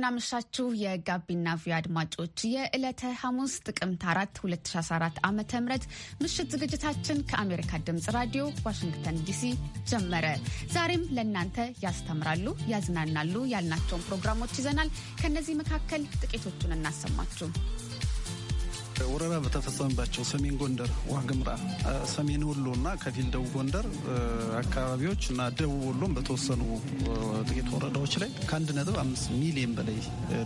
እንደምናመሻችሁ የጋቢና ቪ አድማጮች የዕለተ ሐሙስ ጥቅምት 4 2014 ዓ ም ምሽት ዝግጅታችን ከአሜሪካ ድምፅ ራዲዮ ዋሽንግተን ዲሲ ጀመረ። ዛሬም ለእናንተ ያስተምራሉ፣ ያዝናናሉ ያልናቸውን ፕሮግራሞች ይዘናል። ከእነዚህ መካከል ጥቂቶቹን እናሰማችሁ። ወረራ በተፈጸመባቸው ሰሜን ጎንደር፣ ዋግምራ፣ ሰሜን ወሎ እና ከፊል ደቡብ ጎንደር አካባቢዎች እና ደቡብ ወሎም በተወሰኑ ጥቂት ወረዳዎች ላይ ከአንድ ነጥብ አምስት ሚሊዮን በላይ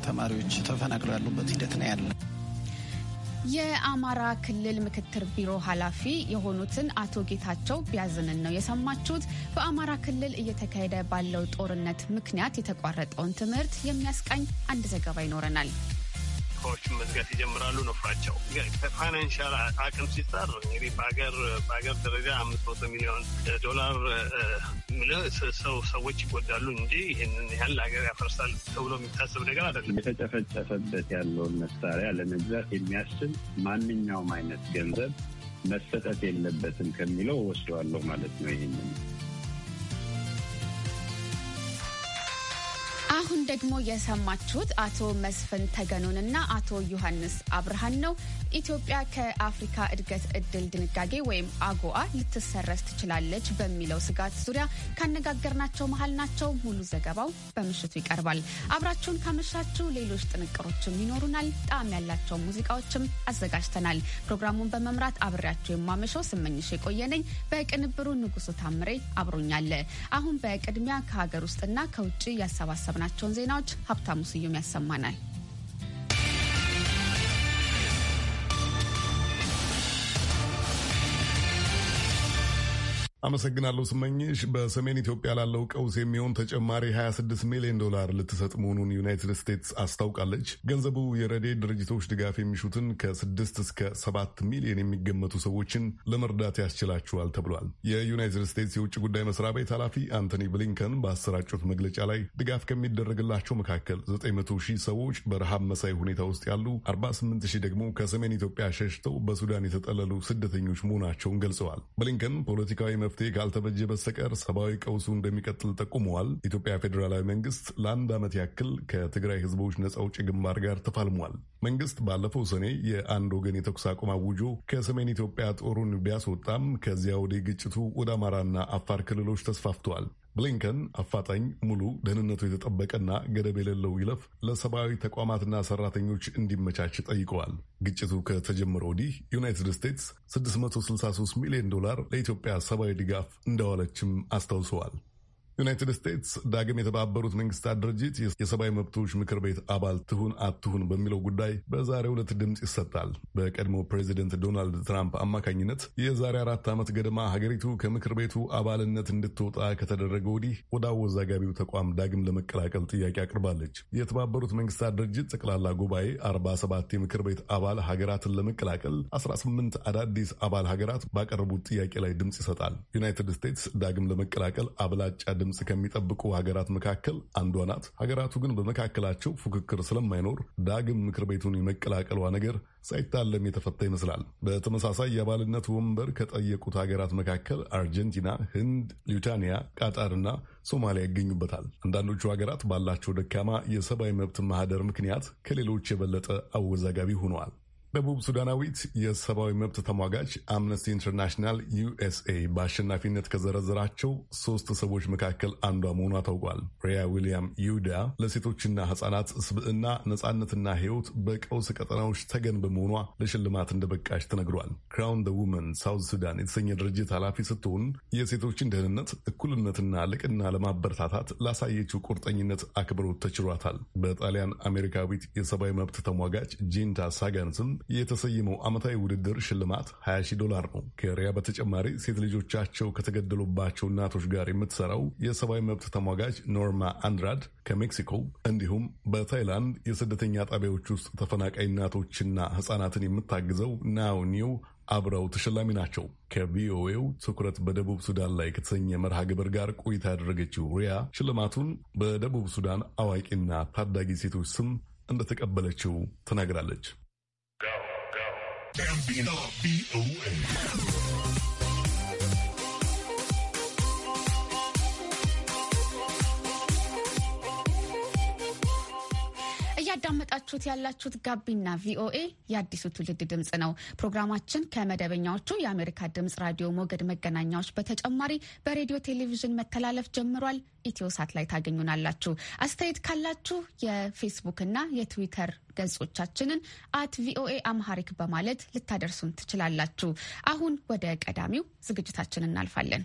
ተማሪዎች ተፈናቅለው ያሉበት ሂደት ነው ያለ። የአማራ ክልል ምክትል ቢሮ ኃላፊ የሆኑትን አቶ ጌታቸው ቢያዝንን ነው የሰማችሁት። በአማራ ክልል እየተካሄደ ባለው ጦርነት ምክንያት የተቋረጠውን ትምህርት የሚያስቃኝ አንድ ዘገባ ይኖረናል። ተስፋዎችን መዝጋት ይጀምራሉ ነው ፍራቸው። ከፋይናንሻል አቅም ሲሳር እንግዲህ በሀገር በሀገር ደረጃ አምስት መቶ ሚሊዮን ዶላር ሰው ሰዎች ይጎዳሉ እንጂ ይህንን ያህል ሀገር ያፈርሳል ተብሎ የሚታሰብ ነገር አይደለም። የተጨፈጨፈበት ያለውን መሳሪያ ለመግዛት የሚያስችል ማንኛውም አይነት ገንዘብ መሰጠት የለበትም ከሚለው ወስደዋለሁ ማለት ነው ይህንን አሁን ደግሞ የሰማችሁት አቶ መስፍን ተገኑንና አቶ ዮሐንስ አብርሃን ነው። ኢትዮጵያ ከአፍሪካ እድገት እድል ድንጋጌ ወይም አጎአ ልትሰረዝ ትችላለች በሚለው ስጋት ዙሪያ ካነጋገርናቸው መሀል ናቸው። ሙሉ ዘገባው በምሽቱ ይቀርባል። አብራችሁን ካመሻችሁ ሌሎች ጥንቅሮችም ይኖሩናል። ጣዕም ያላቸው ሙዚቃዎችም አዘጋጅተናል። ፕሮግራሙን በመምራት አብሬያቸው የማመሸው ስመኝሽ የቆየነኝ፣ በቅንብሩ ንጉሱ ታምሬ አብሮኛለ። አሁን በቅድሚያ ከሀገር ውስጥና ከውጭ ያሰባሰብናቸው የያዝናቸውን ዜናዎች ሀብታሙ ስዩም ያሰማናል። አመሰግናለሁ ስመኝሽ። በሰሜን ኢትዮጵያ ላለው ቀውስ የሚሆን ተጨማሪ 26 ሚሊዮን ዶላር ልትሰጥ መሆኑን ዩናይትድ ስቴትስ አስታውቃለች። ገንዘቡ የረዴ ድርጅቶች ድጋፍ የሚሹትን ከ6 እስከ 7 ሚሊዮን የሚገመቱ ሰዎችን ለመርዳት ያስችላቸዋል ተብሏል። የዩናይትድ ስቴትስ የውጭ ጉዳይ መስሪያ ቤት ኃላፊ አንቶኒ ብሊንከን በአሰራጩት መግለጫ ላይ ድጋፍ ከሚደረግላቸው መካከል 900 ሺህ ሰዎች በረሃብ መሳይ ሁኔታ ውስጥ ያሉ፣ 48 ሺህ ደግሞ ከሰሜን ኢትዮጵያ ሸሽተው በሱዳን የተጠለሉ ስደተኞች መሆናቸውን ገልጸዋል። ብሊንከን ፖለቲካዊ መፍትሄ ካልተበጀ በስተቀር ሰብአዊ ቀውሱ እንደሚቀጥል ጠቁመዋል። ኢትዮጵያ ፌዴራላዊ መንግስት ለአንድ ዓመት ያክል ከትግራይ ህዝቦች ነጻ አውጪ ግንባር ጋር ተፋልሟል። መንግስት ባለፈው ሰኔ የአንድ ወገን የተኩስ አቁም አውጆ ከሰሜን ኢትዮጵያ ጦሩን ቢያስወጣም ከዚያ ወዲህ ግጭቱ ወደ አማራና አፋር ክልሎች ተስፋፍተዋል። ብሊንከን አፋጣኝ፣ ሙሉ ደህንነቱ የተጠበቀና ገደብ የሌለው ይለፍ ለሰብአዊ ተቋማትና ሰራተኞች እንዲመቻች ጠይቀዋል። ግጭቱ ከተጀመረ ወዲህ ዩናይትድ ስቴትስ 663 ሚሊዮን ዶላር ለኢትዮጵያ ሰብአዊ ድጋፍ እንደዋለችም አስታውሰዋል። ዩናይትድ ስቴትስ ዳግም የተባበሩት መንግስታት ድርጅት የሰብአዊ መብቶች ምክር ቤት አባል ትሁን አትሁን በሚለው ጉዳይ በዛሬው ዕለት ድምፅ ይሰጣል። በቀድሞ ፕሬዚደንት ዶናልድ ትራምፕ አማካኝነት የዛሬ አራት ዓመት ገደማ ሀገሪቱ ከምክር ቤቱ አባልነት እንድትወጣ ከተደረገ ወዲህ ወደ አወዛጋቢው ተቋም ዳግም ለመቀላቀል ጥያቄ አቅርባለች። የተባበሩት መንግስታት ድርጅት ጠቅላላ ጉባኤ 47 የምክር ቤት አባል ሀገራትን ለመቀላቀል 18 አዳዲስ አባል ሀገራት ባቀረቡት ጥያቄ ላይ ድምፅ ይሰጣል። ዩናይትድ ስቴትስ ዳግም ለመቀላቀል አብላጫ ድምፅ ከሚጠብቁ ሀገራት መካከል አንዷ ናት። ሀገራቱ ግን በመካከላቸው ፉክክር ስለማይኖር ዳግም ምክር ቤቱን የመቀላቀሏ ነገር ሳይታለም የተፈታ ይመስላል። በተመሳሳይ የአባልነት ወንበር ከጠየቁት ሀገራት መካከል አርጀንቲና፣ ህንድ፣ ሊታኒያ፣ ቃጣርና ሶማሊያ ይገኙበታል። አንዳንዶቹ ሀገራት ባላቸው ደካማ የሰብአዊ መብት ማህደር ምክንያት ከሌሎች የበለጠ አወዛጋቢ ሆነዋል። ደቡብ ሱዳናዊት የሰብአዊ መብት ተሟጋች አምነስቲ ኢንተርናሽናል ዩኤስኤ በአሸናፊነት ከዘረዘራቸው ሶስት ሰዎች መካከል አንዷ መሆኗ ታውቋል። ሪያ ዊሊያም ይሁዳ ለሴቶችና ህጻናት ስብዕና፣ ነጻነትና ሕይወት በቀውስ ቀጠናዎች ተገን በመሆኗ ለሽልማት እንደበቃች ተነግሯል። ክራውን ደ ውመን ሳውዝ ሱዳን የተሰኘ ድርጅት ኃላፊ ስትሆን የሴቶችን ደህንነት፣ እኩልነትና ልቅና ለማበረታታት ላሳየችው ቁርጠኝነት አክብሮት ተችሯታል። በጣሊያን አሜሪካዊት የሰብአዊ መብት ተሟጋች ጂንታ ሳጋን ስም የተሰየመው ዓመታዊ ውድድር ሽልማት 20ሺ ዶላር ነው። ከሪያ በተጨማሪ ሴት ልጆቻቸው ከተገደሉባቸው እናቶች ጋር የምትሰራው የሰብአዊ መብት ተሟጋጅ ኖርማ አንድራድ ከሜክሲኮ እንዲሁም በታይላንድ የስደተኛ ጣቢያዎች ውስጥ ተፈናቃይ እናቶችና ሕፃናትን የምታግዘው ናውኒው አብረው ተሸላሚ ናቸው። ከቪኦኤው ትኩረት በደቡብ ሱዳን ላይ ከተሰኘ መርሃ ግብር ጋር ቆይታ ያደረገችው ሪያ ሽልማቱን በደቡብ ሱዳን አዋቂና ታዳጊ ሴቶች ስም እንደተቀበለችው ተናግራለች። Gambino, B-O-A. እያዳመጣችሁት ያላችሁት ጋቢና ቪኦኤ የአዲሱ ትውልድ ድምፅ ነው። ፕሮግራማችን ከመደበኛዎቹ የአሜሪካ ድምፅ ራዲዮ ሞገድ መገናኛዎች በተጨማሪ በሬዲዮ ቴሌቪዥን መተላለፍ ጀምሯል። ኢትዮ ሳት ላይ ታገኙናላችሁ። አስተያየት ካላችሁ የፌስቡክና የትዊተር ገጾቻችንን አት ቪኦኤ አምሃሪክ በማለት ልታደርሱን ትችላላችሁ። አሁን ወደ ቀዳሚው ዝግጅታችን እናልፋለን።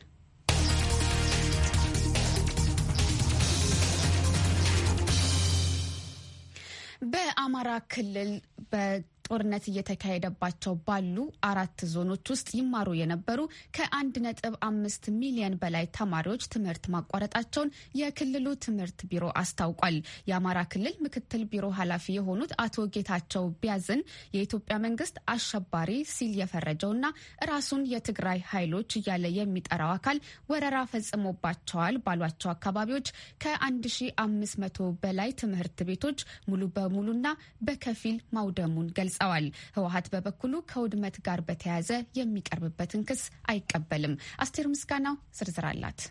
የአማራ ክልል በ ጦርነት እየተካሄደባቸው ባሉ አራት ዞኖች ውስጥ ይማሩ የነበሩ ከአንድ ነጥብ አምስት ሚሊዮን በላይ ተማሪዎች ትምህርት ማቋረጣቸውን የክልሉ ትምህርት ቢሮ አስታውቋል። የአማራ ክልል ምክትል ቢሮ ኃላፊ የሆኑት አቶ ጌታቸው ቢያዝን የኢትዮጵያ መንግስት አሸባሪ ሲል የፈረጀውና ራሱን የትግራይ ኃይሎች እያለ የሚጠራው አካል ወረራ ፈጽሞባቸዋል ባሏቸው አካባቢዎች ከ1500 በላይ ትምህርት ቤቶች ሙሉ በሙሉና በከፊል ማውደሙን ገልጸዋል። ገልጸዋል። ህወሀት በበኩሉ ከውድመት ጋር በተያያዘ የሚቀርብበትን ክስ አይቀበልም። አስቴር ምስጋናው ዝርዝር አላት።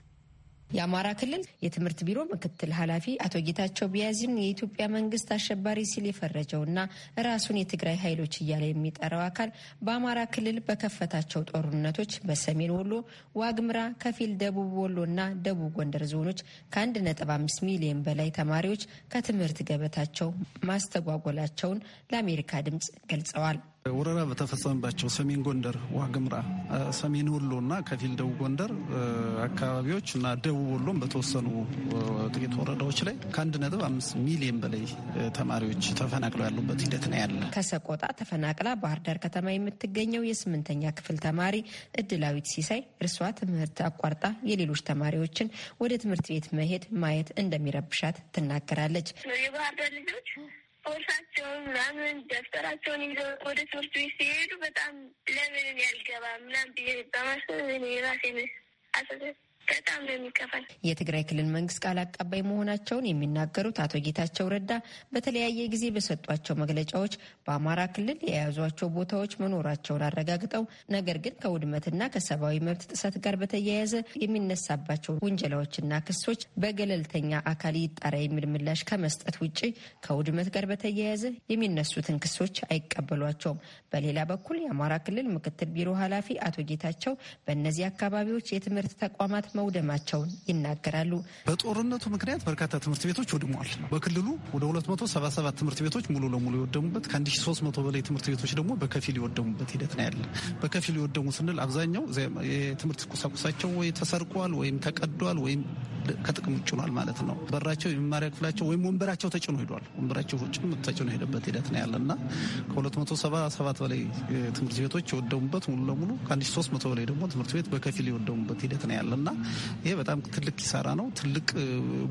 የአማራ ክልል የትምህርት ቢሮ ምክትል ኃላፊ አቶ ጌታቸው ቢያዚም የኢትዮጵያ መንግስት አሸባሪ ሲል የፈረጀውና ራሱን የትግራይ ኃይሎች እያለ የሚጠራው አካል በአማራ ክልል በከፈታቸው ጦርነቶች በሰሜን ወሎ፣ ዋግምራ፣ ከፊል ደቡብ ወሎ ደቡብ ጎንደር ዞኖች ከ1.5 ሚሊዮን በላይ ተማሪዎች ከትምህርት ገበታቸው ማስተጓጎላቸውን ለአሜሪካ ድምጽ ገልጸዋል። ወረራ በተፈጸመባቸው ሰሜን ጎንደር፣ ዋግምራ፣ ሰሜን ወሎ እና ከፊል ደቡብ ጎንደር አካባቢዎች እና ደቡብ ወሎም በተወሰኑ ጥቂት ወረዳዎች ላይ ከአንድ ነጥብ አምስት ሚሊዮን በላይ ተማሪዎች ተፈናቅለው ያሉበት ሂደት ነው ያለ። ከሰቆጣ ተፈናቅላ ባህር ዳር ከተማ የምትገኘው የስምንተኛ ክፍል ተማሪ እድላዊት ሲሳይ እርሷ ትምህርት አቋርጣ የሌሎች ተማሪዎችን ወደ ትምህርት ቤት መሄድ ማየት እንደሚረብሻት ትናገራለች። የባህር ዳር ልጆች ቦርሳቸውን ምናምን ደብተራቸውን ይዘው ወደ ትምህርት ቤት ሲሄዱ በጣም ለምንን ያልገባ ምናምን ብዬ በማሰብ እኔ ራሴን አሰሰ በጣም ነው የሚከፋል። የትግራይ ክልል መንግስት ቃል አቀባይ መሆናቸውን የሚናገሩት አቶ ጌታቸው ረዳ በተለያየ ጊዜ በሰጧቸው መግለጫዎች በአማራ ክልል የያዟቸው ቦታዎች መኖራቸውን አረጋግጠው ነገር ግን ከውድመትና ከሰብአዊ መብት ጥሰት ጋር በተያያዘ የሚነሳባቸው ውንጀላዎችና ክሶች በገለልተኛ አካል ይጣራ የሚል ምላሽ ከመስጠት ውጭ ከውድመት ጋር በተያያዘ የሚነሱትን ክሶች አይቀበሏቸውም። በሌላ በኩል የአማራ ክልል ምክትል ቢሮ ኃላፊ አቶ ጌታቸው በእነዚህ አካባቢዎች የትምህርት ተቋማት መውደማቸውን ይናገራሉ። በጦርነቱ ምክንያት በርካታ ትምህርት ቤቶች ወድመዋል። በክልሉ ወደ 277 ትምህርት ቤቶች ሙሉ ለሙሉ የወደሙበት ከ1300 በላይ ትምህርት ቤቶች ደግሞ በከፊል የወደሙበት ሂደት ነው ያለ። በከፊል የወደሙ ስንል አብዛኛው የትምህርት ቁሳቁሳቸው ወይ ተሰርቋል ወይም ተቀዷል ወይም ከጥቅም ውጭ ሆኗል ማለት ነው። በራቸው የመማሪያ ክፍላቸው ወይም ወንበራቸው ተጭኖ ሄዷል። ወንበራቸው ተጭኖ ሄደበት ሂደት ነው ያለ እና ከ277 በላይ ትምህርት ቤቶች የወደሙበት ሙሉ ለሙሉ ከ1300 በላይ ደግሞ ትምህርት ቤት በከፊል የወደሙበት ሂደት ነው ያለ እና ይሄ በጣም ትልቅ ኪሳራ ነው፣ ትልቅ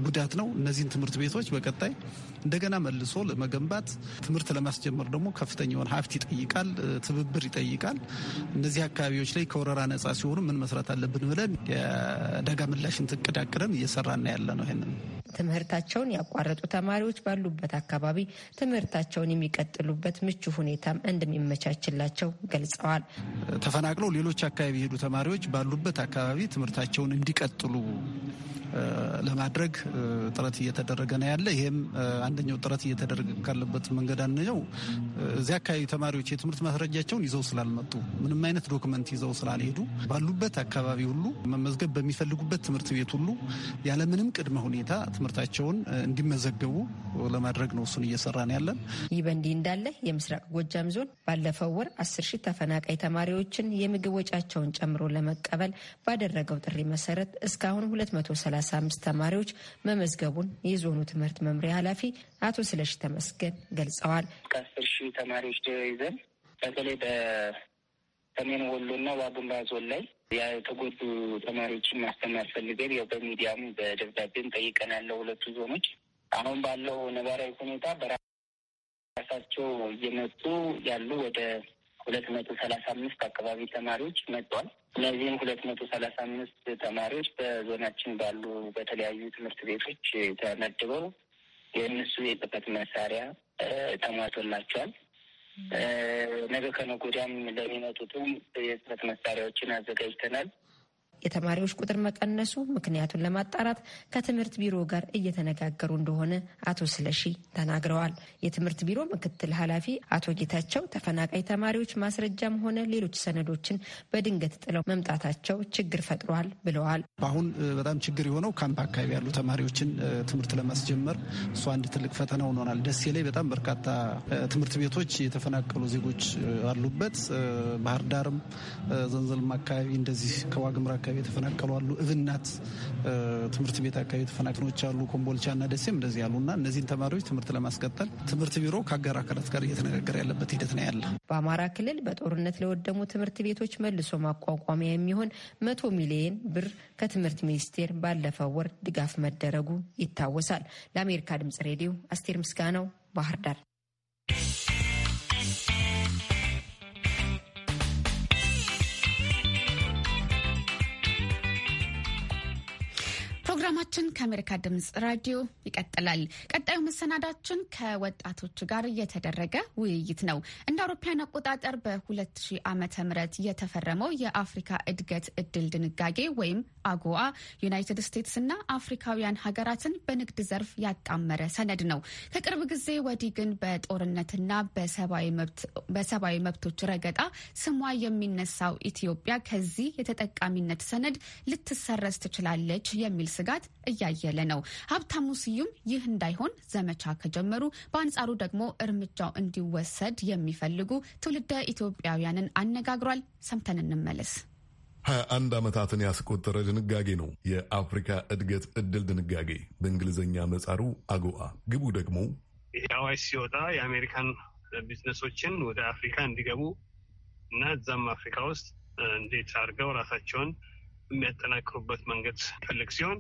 ጉዳት ነው። እነዚህን ትምህርት ቤቶች በቀጣይ እንደገና መልሶ ለመገንባት ትምህርት ለማስጀመር ደግሞ ከፍተኛ የሆነ ሀብት ይጠይቃል፣ ትብብር ይጠይቃል። እነዚህ አካባቢዎች ላይ ከወረራ ነጻ ሲሆኑ ምን መስራት አለብን ብለን የአደጋ ምላሽን እቅድ አቅደን እየሰራና ያለ ነው ይህንን ትምህርታቸውን ያቋረጡ ተማሪዎች ባሉበት አካባቢ ትምህርታቸውን የሚቀጥሉበት ምቹ ሁኔታም እንደሚመቻችላቸው ገልጸዋል። ተፈናቅለው ሌሎች አካባቢ የሄዱ ተማሪዎች ባሉበት አካባቢ ትምህርታቸውን እንዲቀጥሉ ለማድረግ ጥረት እየተደረገ ነው ያለ። ይህም አንደኛው ጥረት እየተደረገ ካለበት መንገድ አንደኛው እዚያ አካባቢ ተማሪዎች የትምህርት ማስረጃቸውን ይዘው ስላልመጡ ምንም አይነት ዶክመንት ይዘው ስላልሄዱ ባሉበት አካባቢ ሁሉ መመዝገብ በሚፈልጉበት ትምህርት ቤት ሁሉ ያለምንም ቅድመ ሁኔታ ትምህርታቸውን እንዲመዘገቡ ለማድረግ ነው። እሱን እየሰራን ያለን። ይህ በእንዲህ እንዳለ የምስራቅ ጎጃም ዞን ባለፈው ወር አስር ሺህ ተፈናቃይ ተማሪዎችን የምግብ ወጫቸውን ጨምሮ ለመቀበል ባደረገው ጥሪ መሰረት እስካሁን 235 ተማሪዎች መመዝገቡን የዞኑ ትምህርት መምሪያ ኃላፊ አቶ ስለሺ ተመስገን ገልጸዋል። ከአስር ሺህ ተማሪዎች ይዘን በተለይ በሰሜን ወሎና ዋግምራ ዞን ላይ የተጎዱ ተማሪዎችን ማስተማር ፈልገን ያው በሚዲያም በደብዳቤም ጠይቀናል ሁለቱ ዞኖች። አሁን ባለው ነባራዊ ሁኔታ በራሳቸው እየመጡ ያሉ ወደ ሁለት መቶ ሰላሳ አምስት አካባቢ ተማሪዎች መጥቷል። እነዚህም ሁለት መቶ ሰላሳ አምስት ተማሪዎች በዞናችን ባሉ በተለያዩ ትምህርት ቤቶች ተመድበው የእነሱ የጽህፈት መሳሪያ ተሟልቶላቸዋል። ነገ ከነጎዳም ለሚመጡትም የጽህፈት መሳሪያዎችን አዘጋጅተናል። የተማሪዎች ቁጥር መቀነሱ ምክንያቱን ለማጣራት ከትምህርት ቢሮ ጋር እየተነጋገሩ እንደሆነ አቶ ስለሺ ተናግረዋል። የትምህርት ቢሮ ምክትል ኃላፊ አቶ ጌታቸው ተፈናቃይ ተማሪዎች ማስረጃም ሆነ ሌሎች ሰነዶችን በድንገት ጥለው መምጣታቸው ችግር ፈጥሯል ብለዋል። አሁን በጣም ችግር የሆነው ካምፕ አካባቢ ያሉ ተማሪዎችን ትምህርት ለማስጀመር እሱ አንድ ትልቅ ፈተና ሆኗል። ደሴ ላይ በጣም በርካታ ትምህርት ቤቶች የተፈናቀሉ ዜጎች አሉበት። ባህር ዳርም፣ ዘንዘልም አካባቢ እንደዚህ ከዋግምራ አካባቢ የተፈናቀሉ አሉ። እብናት ትምህርት ቤት አካባቢ ተፈናቅኖች አሉ። ኮምቦልቻና ደሴም እንደዚህ ያሉና እነዚህን ተማሪዎች ትምህርት ለማስቀጠል ትምህርት ቢሮ ከአጋር አካላት ጋር እየተነጋገረ ያለበት ሂደት ነው ያለ። በአማራ ክልል በጦርነት ለወደሙ ትምህርት ቤቶች መልሶ ማቋቋሚያ የሚሆን መቶ ሚሊየን ብር ከትምህርት ሚኒስቴር ባለፈው ወር ድጋፍ መደረጉ ይታወሳል። ለአሜሪካ ድምጽ ሬዲዮ አስቴር ምስጋናው ባህር ዳር። ፕሮግራማችን ከአሜሪካ ድምጽ ራዲዮ ይቀጥላል። ቀጣዩ መሰናዳችን ከወጣቶች ጋር የተደረገ ውይይት ነው። እንደ አውሮፓውያን አቆጣጠር በ2000 ዓ ም የተፈረመው የአፍሪካ እድገት እድል ድንጋጌ ወይም አጎዋ ዩናይትድ ስቴትስና አፍሪካውያን ሀገራትን በንግድ ዘርፍ ያጣመረ ሰነድ ነው። ከቅርብ ጊዜ ወዲህ ግን በጦርነትና በሰብአዊ መብቶች ረገጣ ስሟ የሚነሳው ኢትዮጵያ ከዚህ የተጠቃሚነት ሰነድ ልትሰረዝ ትችላለች የሚል ስጋ ስርዓት እያየለ ነው። ሀብታሙ ስዩም ይህ እንዳይሆን ዘመቻ ከጀመሩ፣ በአንጻሩ ደግሞ እርምጃው እንዲወሰድ የሚፈልጉ ትውልደ ኢትዮጵያውያንን አነጋግሯል። ሰምተን እንመለስ። ሀያ አንድ ዓመታትን ያስቆጠረ ድንጋጌ ነው የአፍሪካ እድገት እድል ድንጋጌ በእንግሊዝኛ መጻሩ አጎአ። ግቡ ደግሞ አዋጅ ሲወጣ የአሜሪካን ቢዝነሶችን ወደ አፍሪካ እንዲገቡ እና እዛም አፍሪካ ውስጥ እንዴት አድርገው ራሳቸውን የሚያጠናክሩበት መንገድ ፈልግ ሲሆን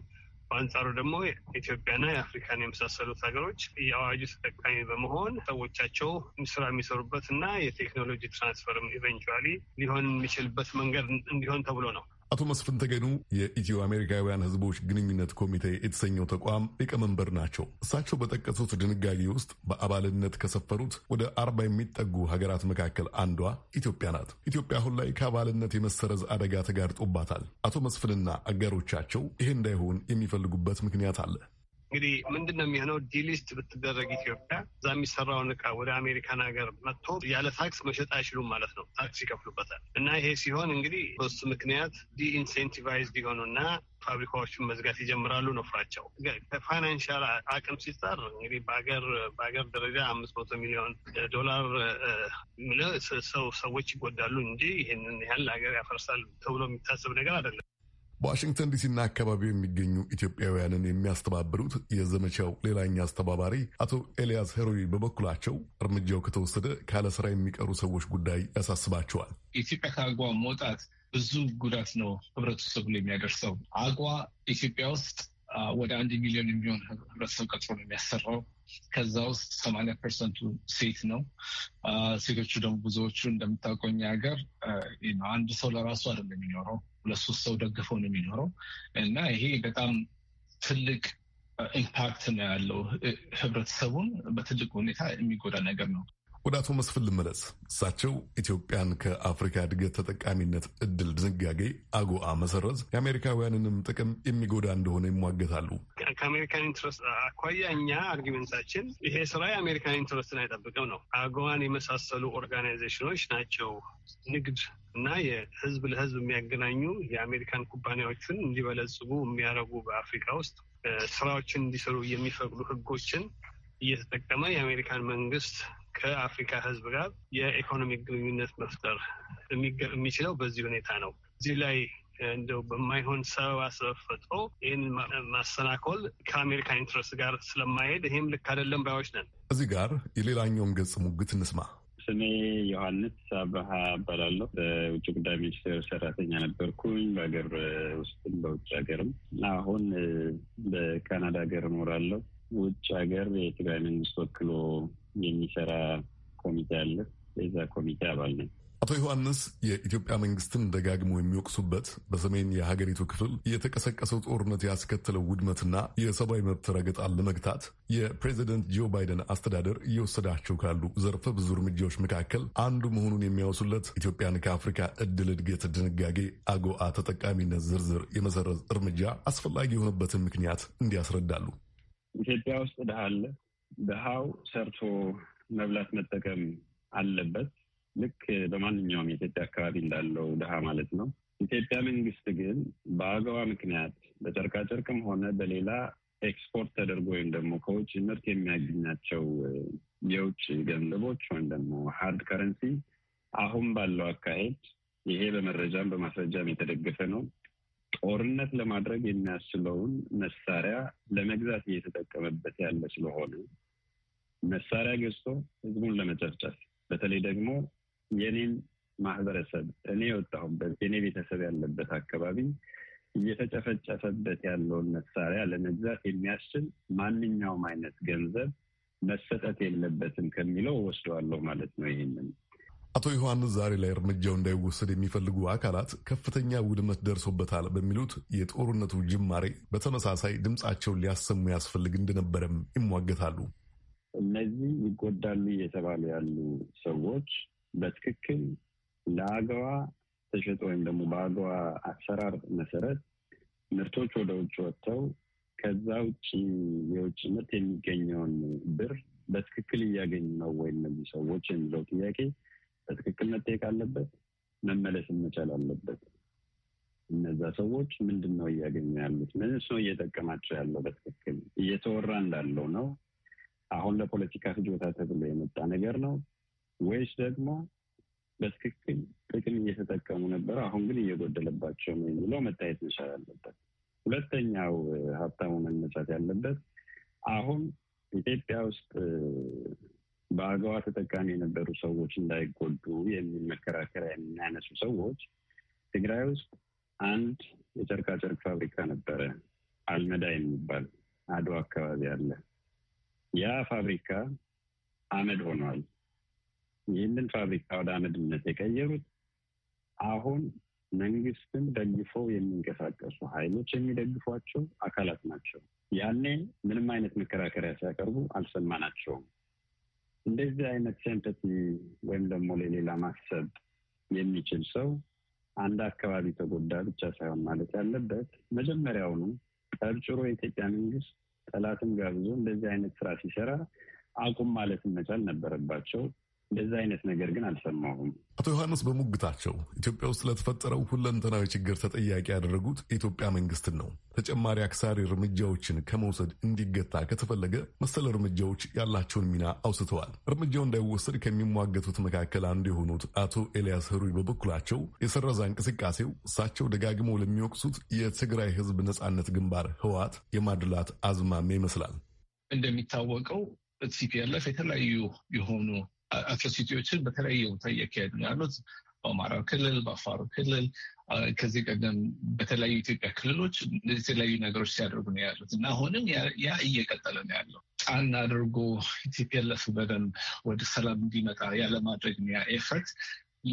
በአንጻሩ ደግሞ ኢትዮጵያና የአፍሪካን የመሳሰሉት ሀገሮች የአዋጁ ተጠቃሚ በመሆን ሰዎቻቸው ስራ የሚሰሩበት እና የቴክኖሎጂ ትራንስፈርም ኢቨንቹዋሊ ሊሆን የሚችልበት መንገድ እንዲሆን ተብሎ ነው አቶ መስፍን ተገኑ የኢትዮ አሜሪካውያን ህዝቦች ግንኙነት ኮሚቴ የተሰኘው ተቋም ሊቀመንበር ናቸው። እሳቸው በጠቀሱት ድንጋጌ ውስጥ በአባልነት ከሰፈሩት ወደ አርባ የሚጠጉ ሀገራት መካከል አንዷ ኢትዮጵያ ናት። ኢትዮጵያ አሁን ላይ ከአባልነት የመሰረዝ አደጋ ተጋርጦባታል። አቶ መስፍንና አጋሮቻቸው ይሄ እንዳይሆን የሚፈልጉበት ምክንያት አለ። እንግዲህ ምንድን ነው የሚሆነው? ዲሊስት ብትደረግ ኢትዮጵያ እዛ የሚሰራውን እቃ ወደ አሜሪካን ሀገር መጥቶ ያለ ታክስ መሸጥ አይችሉም ማለት ነው። ታክስ ይከፍሉበታል። እና ይሄ ሲሆን እንግዲህ በሱ ምክንያት ዲኢንሴንቲቫይዝ ሊሆኑና ፋብሪካዎቹን መዝጋት ይጀምራሉ ነው ፍራቸው። ከፋይናንሻል አቅም ሲጻር እንግዲህ በአገር በሀገር ደረጃ አምስት መቶ ሚሊዮን ዶላር ሰው ሰዎች ይጎዳሉ እንጂ ይህንን ያህል ሀገር ያፈርሳል ተብሎ የሚታሰብ ነገር አይደለም። በዋሽንግተን ዲሲና አካባቢው የሚገኙ ኢትዮጵያውያንን የሚያስተባብሩት የዘመቻው ሌላኛ አስተባባሪ አቶ ኤልያስ ሄሮይ በበኩላቸው እርምጃው ከተወሰደ ካለ ስራ የሚቀሩ ሰዎች ጉዳይ ያሳስባቸዋል። የኢትዮጵያ ከአግዋ መውጣት ብዙ ጉዳት ነው ህብረተሰቡ ላይ የሚያደርሰው። አግዋ ኢትዮጵያ ውስጥ ወደ አንድ ሚሊዮን የሚሆን ህብረተሰብ ቀጥሮ ነው የሚያሰራው። ከዛ ውስጥ ሰማኒያ ፐርሰንቱ ሴት ነው። ሴቶቹ ደግሞ ብዙዎቹ እንደምታውቀው ሀገር አንድ ሰው ለራሱ አይደለም የሚኖረው፣ ሁለት ሶስት ሰው ደግፈው ነው የሚኖረው እና ይሄ በጣም ትልቅ ኢምፓክት ነው ያለው። ህብረተሰቡን በትልቅ ሁኔታ የሚጎዳ ነገር ነው። ወደ አቶ መስፍን ልመለስ። እሳቸው ኢትዮጵያን ከአፍሪካ እድገት ተጠቃሚነት እድል ድንጋጌ አጎአ መሰረዝ የአሜሪካውያንንም ጥቅም የሚጎዳ እንደሆነ ይሟገታሉ። ከአሜሪካን ኢንትረስት አኳያ እኛ አርጊመንታችን ይሄ ስራ የአሜሪካን ኢንትረስትን አይጠብቅም ነው። አጎዋን የመሳሰሉ ኦርጋናይዜሽኖች ናቸው ንግድ እና የህዝብ ለህዝብ የሚያገናኙ የአሜሪካን ኩባንያዎችን እንዲበለጽጉ የሚያደርጉ በአፍሪካ ውስጥ ስራዎችን እንዲሰሩ የሚፈቅዱ ህጎችን እየተጠቀመ የአሜሪካን መንግስት ከአፍሪካ ህዝብ ጋር የኢኮኖሚ ግንኙነት መፍጠር የሚችለው በዚህ ሁኔታ ነው። እዚህ ላይ እንደው በማይሆን ሰበብ ፈጥሮ ይህን ማሰናኮል ከአሜሪካ ኢንትረስት ጋር ስለማይሄድ ይህም ልክ አይደለም ባዮች ነን። እዚህ ጋር የሌላኛውን ገጽ ሙግት እንስማ። ስሜ ዮሐንስ አበሃ እባላለሁ። በውጭ ጉዳይ ሚኒስቴር ሰራተኛ ነበርኩኝ በሀገር ውስጥም በውጭ ሀገርም። አሁን በካናዳ ሀገር እኖራለሁ። ውጭ ሀገር የትግራይ መንግስት ወክሎ የሚሰራ ኮሚቴ አለ። የዛ ኮሚቴ አባል ነኝ። አቶ ዮሐንስ የኢትዮጵያ መንግስትን ደጋግሞ የሚወቅሱበት በሰሜን የሀገሪቱ ክፍል የተቀሰቀሰው ጦርነት ያስከተለው ውድመትና የሰብአዊ መብት ረገጣን ለመግታት የፕሬዚደንት ጆ ባይደን አስተዳደር እየወሰዳቸው ካሉ ዘርፈ ብዙ እርምጃዎች መካከል አንዱ መሆኑን የሚያወሱለት ኢትዮጵያን ከአፍሪካ እድል እድገት ድንጋጌ አጎአ ተጠቃሚነት ዝርዝር የመሰረዝ እርምጃ አስፈላጊ የሆነበትን ምክንያት እንዲያስረዳሉ። ኢትዮጵያ ውስጥ ድሃ አለ፣ ድሃው ሰርቶ መብላት መጠቀም አለበት። ልክ በማንኛውም የኢትዮጵያ አካባቢ እንዳለው ድሃ ማለት ነው። ኢትዮጵያ መንግስት ግን በአገዋ ምክንያት በጨርቃጨርቅም ሆነ በሌላ ኤክስፖርት ተደርጎ ወይም ደግሞ ከውጭ ምርት የሚያገኛቸው የውጭ ገንዘቦች ወይም ደግሞ ሀርድ ከረንሲ አሁን ባለው አካሄድ ይሄ በመረጃም በማስረጃም የተደገፈ ነው ጦርነት ለማድረግ የሚያስችለውን መሳሪያ ለመግዛት እየተጠቀመበት ያለ ስለሆነ መሳሪያ ገዝቶ ህዝቡን ለመጨፍጨፍ በተለይ ደግሞ የኔን ማህበረሰብ እኔ የወጣሁበት የኔ ቤተሰብ ያለበት አካባቢ እየተጨፈጨፈበት ያለውን መሳሪያ ለመግዛት የሚያስችል ማንኛውም አይነት ገንዘብ መሰጠት የለበትም ከሚለው ወስደዋለሁ ማለት ነው ይህንን አቶ ዮሐንስ ዛሬ ላይ እርምጃው እንዳይወሰድ የሚፈልጉ አካላት ከፍተኛ ውድመት ደርሶበታል በሚሉት የጦርነቱ ጅማሬ በተመሳሳይ ድምፃቸውን ሊያሰሙ ያስፈልግ እንደነበረም ይሟገታሉ። እነዚህ ይጎዳሉ እየተባሉ ያሉ ሰዎች በትክክል ለአገዋ ተሸጦ ወይም ደግሞ በአገዋ አሰራር መሰረት ምርቶች ወደ ውጭ ወጥተው ከዛ ውጭ የውጭ ምርት የሚገኘውን ብር በትክክል እያገኙ ነው ወይ እነዚህ ሰዎች የሚለው ጥያቄ በትክክል መጠየቅ አለበት፣ መመለስ መቻል አለበት። እነዛ ሰዎች ምንድን ነው እያገኙ ያሉት? ምን ሰው እየጠቀማቸው ያለው? በትክክል እየተወራ እንዳለው ነው? አሁን ለፖለቲካ ፍጆታ ተብሎ የመጣ ነገር ነው ወይስ ደግሞ በትክክል ጥቅም እየተጠቀሙ ነበር፣ አሁን ግን እየጎደለባቸው ነው የሚለው መታየት መቻል አለበት። ሁለተኛው ሀብታሙ መነሳት ያለበት አሁን ኢትዮጵያ ውስጥ በአገዋ ተጠቃሚ የነበሩ ሰዎች እንዳይጎዱ የሚል መከራከሪያ የሚያነሱ ሰዎች ትግራይ ውስጥ አንድ የጨርቃጨርቅ ፋብሪካ ነበረ፣ አልመዳ የሚባል አድዋ አካባቢ አለ። ያ ፋብሪካ አመድ ሆኗል። ይህንን ፋብሪካ ወደ አመድነት የቀየሩት አሁን መንግስትን ደግፈው የሚንቀሳቀሱ ኃይሎች የሚደግፏቸው አካላት ናቸው። ያኔ ምንም አይነት መከራከሪያ ሲያቀርቡ አልሰማናቸውም። እንደዚህ አይነት ሴምፐቲ ወይም ደግሞ ለሌላ ማሰብ የሚችል ሰው አንድ አካባቢ ተጎዳ ብቻ ሳይሆን ማለት ያለበት መጀመሪያውኑ ጠርጭሮ የኢትዮጵያ መንግስት ጠላትም ጋብዞ እንደዚህ አይነት ስራ ሲሰራ አቁም ማለት መቻል ነበረባቸው። እንደዛ አይነት ነገር ግን አልሰማሁም። አቶ ዮሐንስ በሙግታቸው ኢትዮጵያ ውስጥ ለተፈጠረው ሁለንተናዊ ችግር ተጠያቂ ያደረጉት የኢትዮጵያ መንግስትን ነው። ተጨማሪ አክሳሪ እርምጃዎችን ከመውሰድ እንዲገታ ከተፈለገ መሰል እርምጃዎች ያላቸውን ሚና አውስተዋል። እርምጃው እንዳይወሰድ ከሚሟገቱት መካከል አንዱ የሆኑት አቶ ኤልያስ ህሩይ በበኩላቸው የሰረዛ እንቅስቃሴው እሳቸው ደጋግመው ለሚወቅሱት የትግራይ ህዝብ ነጻነት ግንባር ህወሓት የማድላት አዝማሚያ ይመስላል። እንደሚታወቀው ሲፒኤልኤፍ የተለያዩ የሆኑ አትሮሲቲዎችን በተለያየ ቦታ እያካሄዱ ነው ያሉት። በአማራ ክልል፣ በአፋሩ ክልል ከዚህ ቀደም በተለያዩ ኢትዮጵያ ክልሎች የተለያዩ ነገሮች ሲያደርጉ ነው ያሉት እና አሁንም ያ እየቀጠለ ነው ያለው። ጫና አድርጎ ቲፒኤልኤፍ በደንብ ወደ ሰላም እንዲመጣ ያለማድረግ ያ ኤፈርት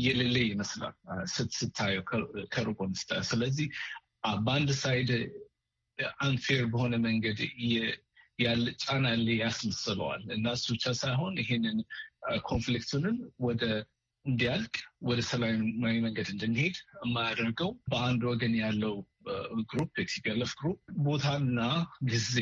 የሌለ ይመስላል ስታየው ከሩቆ ስታየው። ስለዚህ በአንድ ሳይድ አንፌር በሆነ መንገድ ያለ ጫና ያስመስለዋል እና እሱ ብቻ ሳይሆን ይሄንን ኮንፍሊክቱንም ወደ እንዲያልቅ ወደ ሰላማዊ መንገድ እንድንሄድ የማያደርገው በአንድ ወገን ያለው ግሩፕ የቲፒኤልኤፍ ግሩፕ ቦታና ጊዜ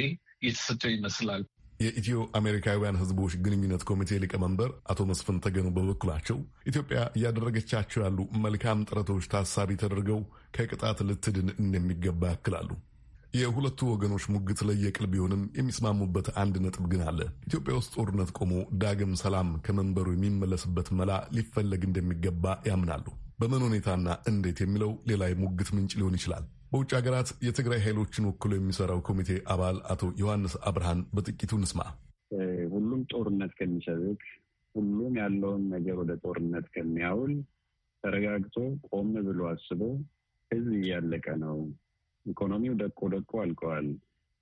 እየተሰጠው ይመስላል። የኢትዮ አሜሪካውያን ሕዝቦች ግንኙነት ኮሚቴ ሊቀመንበር አቶ መስፍን ተገኑ በበኩላቸው ኢትዮጵያ እያደረገቻቸው ያሉ መልካም ጥረቶች ታሳቢ ተደርገው ከቅጣት ልትድን እንደሚገባ ያክላሉ። የሁለቱ ወገኖች ሙግት ለየቅል ቢሆንም የሚስማሙበት አንድ ነጥብ ግን አለ። ኢትዮጵያ ውስጥ ጦርነት ቆሞ ዳግም ሰላም ከመንበሩ የሚመለስበት መላ ሊፈለግ እንደሚገባ ያምናሉ። በምን ሁኔታና እንዴት የሚለው ሌላ የሙግት ምንጭ ሊሆን ይችላል። በውጭ ሀገራት የትግራይ ኃይሎችን ወክሎ የሚሰራው ኮሚቴ አባል አቶ ዮሐንስ አብርሃን በጥቂቱ እንስማ። ሁሉም ጦርነት ከሚሰብክ፣ ሁሉም ያለውን ነገር ወደ ጦርነት ከሚያውል ተረጋግቶ ቆም ብሎ አስቦ ህዝብ እያለቀ ነው ኢኮኖሚው ደቆ ደቆ አልቀዋል፣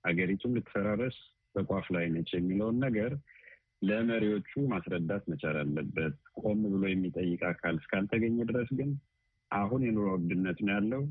አገሪቱም ልትፈራረስ በቋፍ ላይ ነች የሚለውን ነገር ለመሪዎቹ ማስረዳት መቻል አለበት። ቆም ብሎ የሚጠይቅ አካል እስካልተገኘ ድረስ ግን አሁን የኑሮ ውድነት ነው ያለው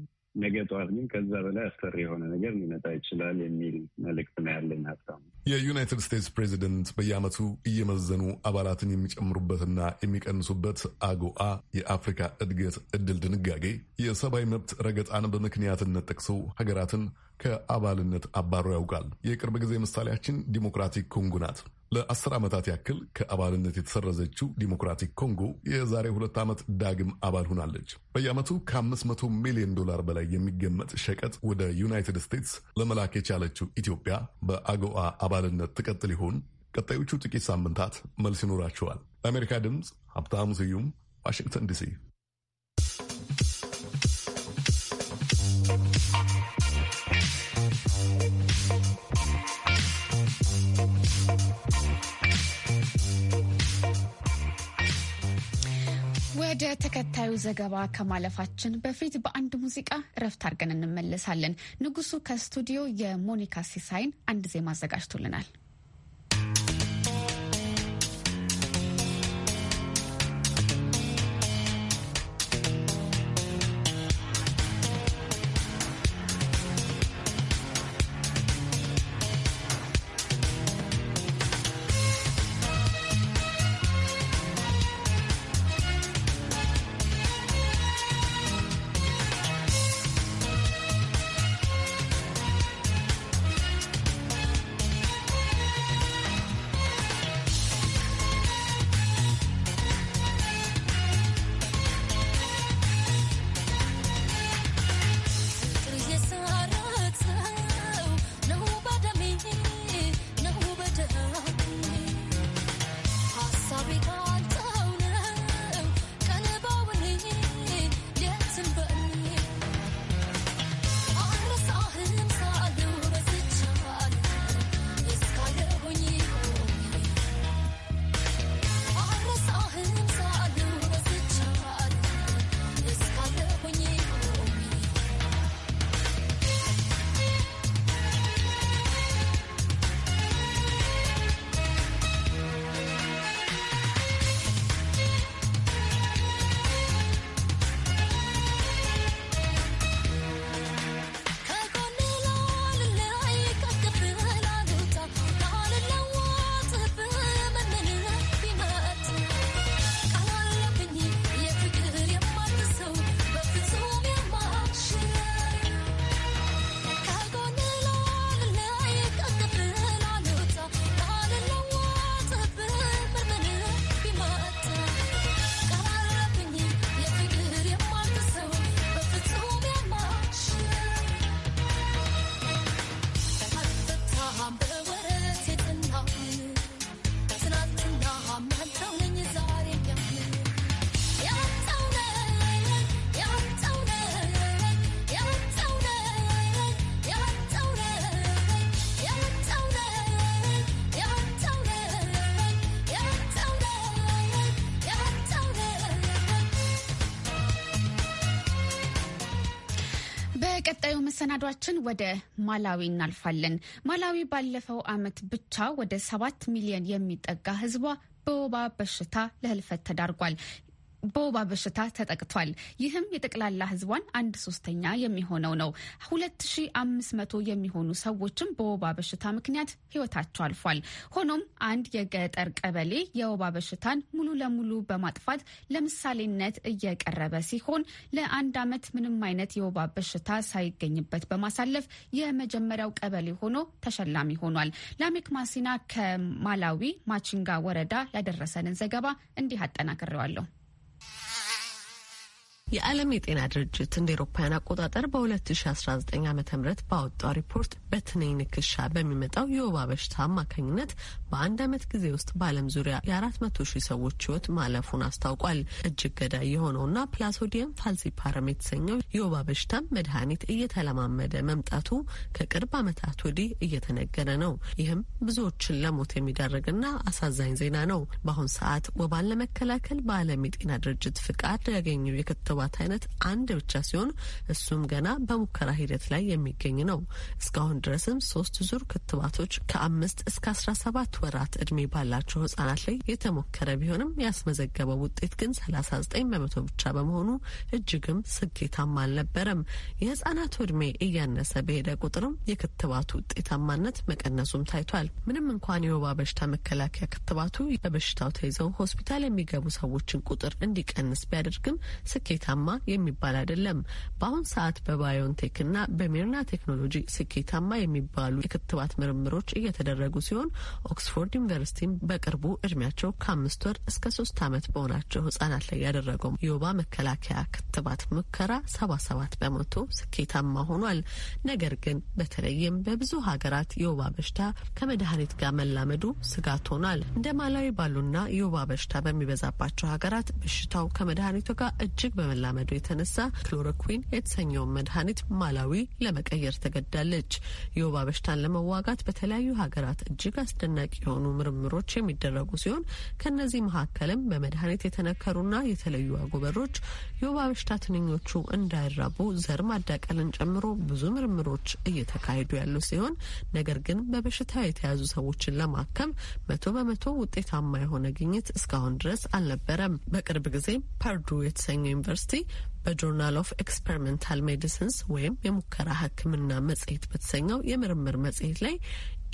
ነገ ጠዋት ግን ከዛ በላይ አስፈሪ የሆነ ነገር ሊመጣ ይችላል የሚል መልእክት ነው ያለኝ ሀሳብ። የዩናይትድ ስቴትስ ፕሬዚደንት በየዓመቱ እየመዘኑ አባላትን የሚጨምሩበትና የሚቀንሱበት አጎአ የአፍሪካ እድገት እድል ድንጋጌ የሰብአዊ መብት ረገጣን በምክንያትነት ጠቅሰው ሀገራትን ከአባልነት አባሮ ያውቃል። የቅርብ ጊዜ ምሳሌያችን ዲሞክራቲክ ኮንጎ ናት። ለአስር ዓመታት ያክል ከአባልነት የተሰረዘችው ዲሞክራቲክ ኮንጎ የዛሬ ሁለት ዓመት ዳግም አባል ሆናለች። በየዓመቱ ከ500 ሚሊዮን ዶላር በላይ የሚገመጥ ሸቀጥ ወደ ዩናይትድ ስቴትስ ለመላክ የቻለችው ኢትዮጵያ በአገዋ አባልነት ትቀጥል ይሆን? ቀጣዮቹ ጥቂት ሳምንታት መልስ ይኖራቸዋል። ለአሜሪካ ድምፅ ሀብታሙ ስዩም ዋሽንግተን ዲሲ ወደ ተከታዩ ዘገባ ከማለፋችን በፊት በአንድ ሙዚቃ እረፍት አድርገን እንመለሳለን። ንጉሱ ከስቱዲዮ የሞኒካ ሲሳይን አንድ ዜማ አዘጋጅቶልናል። መሰናዷችን ወደ ማላዊ እናልፋለን። ማላዊ ባለፈው ዓመት ብቻ ወደ ሰባት ሚሊዮን የሚጠጋ ህዝቧ በወባ በሽታ ለህልፈት ተዳርጓል። በወባ በሽታ ተጠቅቷል። ይህም የጠቅላላ ህዝቧን አንድ ሶስተኛ የሚሆነው ነው። 2500 የሚሆኑ ሰዎችም በወባ በሽታ ምክንያት ህይወታቸው አልፏል። ሆኖም አንድ የገጠር ቀበሌ የወባ በሽታን ሙሉ ለሙሉ በማጥፋት ለምሳሌነት እየቀረበ ሲሆን ለአንድ ዓመት ምንም አይነት የወባ በሽታ ሳይገኝበት በማሳለፍ የመጀመሪያው ቀበሌ ሆኖ ተሸላሚ ሆኗል። ላሜክ ማሲና ከማላዊ ማቺንጋ ወረዳ ያደረሰንን ዘገባ እንዲህ አጠናክሬዋለሁ። የዓለም የጤና ድርጅት እንደ ኤሮፓያን አቆጣጠር በ2019 ዓ ም ባወጣው ሪፖርት በትንኝ ንክሻ በሚመጣው የወባ በሽታ አማካኝነት በአንድ ዓመት ጊዜ ውስጥ በዓለም ዙሪያ የ400 ሺህ ሰዎች ህይወት ማለፉን አስታውቋል። እጅግ ገዳይ የሆነውና ፕላሶዲየም ፋልሲፓረም የተሰኘው የወባ በሽታም መድኃኒት እየተለማመደ መምጣቱ ከቅርብ ዓመታት ወዲህ እየተነገረ ነው። ይህም ብዙዎችን ለሞት የሚዳርግና አሳዛኝ ዜና ነው። በአሁን ሰዓት ወባን ለመከላከል በዓለም የጤና ድርጅት ፍቃድ ያገኘው የክትባ ክትባት አይነት አንድ ብቻ ሲሆን እሱም ገና በሙከራ ሂደት ላይ የሚገኝ ነው። እስካሁን ድረስም ሶስት ዙር ክትባቶች ከአምስት እስከ አስራ ሰባት ወራት እድሜ ባላቸው ህጻናት ላይ የተሞከረ ቢሆንም ያስመዘገበው ውጤት ግን ሰላሳ ዘጠኝ በመቶ ብቻ በመሆኑ እጅግም ስኬታማ አልነበረም። የህጻናቱ እድሜ እያነሰ በሄደ ቁጥርም የክትባቱ ውጤታማነት መቀነሱም ታይቷል። ምንም እንኳን የወባ በሽታ መከላከያ ክትባቱ በበሽታው ተይዘው ሆስፒታል የሚገቡ ሰዎችን ቁጥር እንዲቀንስ ቢያደርግም ስኬታ ስኬታማ የሚባል አይደለም። በአሁን ሰዓት በባዮንቴክና በሜርና ቴክኖሎጂ ስኬታማ የሚባሉ የክትባት ምርምሮች እየተደረጉ ሲሆን ኦክስፎርድ ዩኒቨርሲቲም በቅርቡ እድሜያቸው ከአምስት ወር እስከ ሶስት ዓመት በሆናቸው ህጻናት ላይ ያደረገው የወባ መከላከያ ክትባት ሙከራ ሰባ ሰባት በመቶ ስኬታማ ሆኗል። ነገር ግን በተለይም በብዙ ሀገራት የወባ በሽታ ከመድኃኒት ጋር መላመዱ ስጋት ሆኗል። እንደ ማላዊ ባሉና የወባ በሽታ በሚበዛባቸው ሀገራት በሽታው ከመድኃኒቱ ጋር እጅግ በመላ ከመላመዱ የተነሳ ክሎሮኩዊን የተሰኘውን መድኃኒት ማላዊ ለመቀየር ተገዳለች። የወባ በሽታን ለመዋጋት በተለያዩ ሀገራት እጅግ አስደናቂ የሆኑ ምርምሮች የሚደረጉ ሲሆን ከእነዚህ መካከልም በመድኃኒት የተነከሩና የተለዩ አጎበሮች የወባ በሽታ ትንኞቹ እንዳይራቡ ዘር ማዳቀልን ጨምሮ ብዙ ምርምሮች እየተካሄዱ ያሉ ሲሆን ነገር ግን በበሽታ የተያዙ ሰዎችን ለማከም መቶ በመቶ ውጤታማ የሆነ ግኝት እስካሁን ድረስ አልነበረም። በቅርብ ጊዜ ፐርዱ የተሰኘው ዩኒቨርስቲ ዩኒቨርሲቲ በጆርናል ኦፍ ኤክስፐሪሜንታል ሜዲሲንስ ወይም የሙከራ ሕክምና መጽሔት በተሰኘው የምርምር መጽሔት ላይ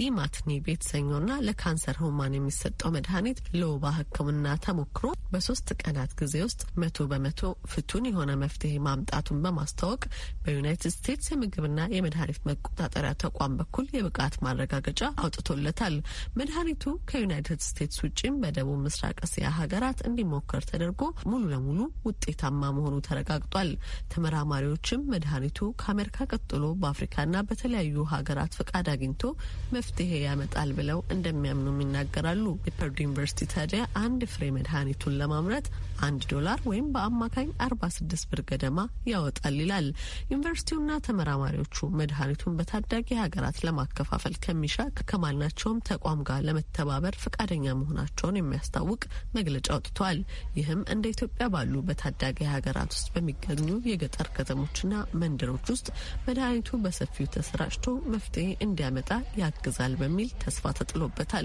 ኢማትኒ የተሰኘውና ለካንሰር ህሙማን የሚሰጠው መድኃኒት ለወባ ህክምና ተሞክሮ በሶስት ቀናት ጊዜ ውስጥ መቶ በመቶ ፍቱን የሆነ መፍትሄ ማምጣቱን በማስታወቅ በዩናይትድ ስቴትስ የምግብና የመድኃኒት መቆጣጠሪያ ተቋም በኩል የብቃት ማረጋገጫ አውጥቶለታል። መድኃኒቱ ከዩናይትድ ስቴትስ ውጭም በደቡብ ምስራቅ እስያ ሀገራት እንዲሞከር ተደርጎ ሙሉ ለሙሉ ውጤታማ መሆኑ ተረጋግጧል። ተመራማሪዎችም መድኃኒቱ ከአሜሪካ ቀጥሎ በአፍሪካና በተለያዩ ሀገራት ፍቃድ አግኝቶ መፍትሄ ያመጣል ብለው እንደሚያምኑም ይናገራሉ። የፐርዱ ዩኒቨርሲቲ ታዲያ አንድ ፍሬ መድኃኒቱን ለማምረት አንድ ዶላር ወይም በአማካኝ አርባ ስድስት ብር ገደማ ያወጣል ይላል። ዩኒቨርሲቲውና ተመራማሪዎቹ መድኃኒቱን በታዳጊ ሀገራት ለማከፋፈል ከሚሻ ከማናቸውም ተቋም ጋር ለመተባበር ፈቃደኛ መሆናቸውን የሚያስታውቅ መግለጫ አውጥተዋል። ይህም እንደ ኢትዮጵያ ባሉ በታዳጊ ሀገራት ውስጥ በሚገኙ የገጠር ከተሞችና መንደሮች ውስጥ መድኃኒቱ በሰፊው ተሰራጭቶ መፍትሄ እንዲያመጣ ያግዛል ይያዛል በሚል ተስፋ ተጥሎበታል።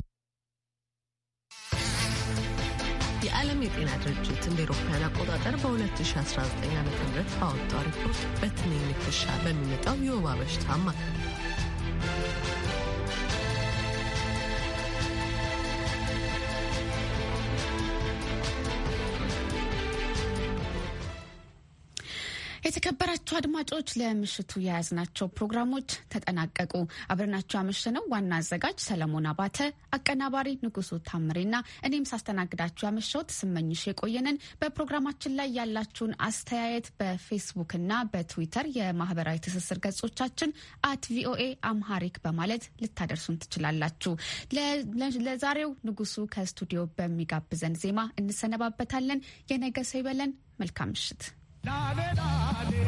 የዓለም የጤና ድርጅት እንደ ኤሮፓያን አቆጣጠር በ2019 ዓ ም ባወጣው ሪፖርት በትንኝ ንክሻ በሚመጣው የወባ በሽታ አማካኝ የተከበራችሁ አድማጮች ለምሽቱ የያዝናቸው ፕሮግራሞች ተጠናቀቁ። አብረናችሁ ያመሸነው ዋና አዘጋጅ ሰለሞን አባተ፣ አቀናባሪ ንጉሱ ታምሬና እኔም ሳስተናግዳችሁ ያመሸሁት ስመኝሽ የቆየንን። በፕሮግራማችን ላይ ያላችሁን አስተያየት በፌስቡክና በትዊተር የማህበራዊ ትስስር ገጾቻችን አት ቪኦኤ አምሃሪክ በማለት ልታደርሱን ትችላላችሁ። ለዛሬው ንጉሱ ከስቱዲዮ በሚጋብዘን ዜማ እንሰነባበታለን። የነገ ሰው ይበለን። መልካም ምሽት። Na na na.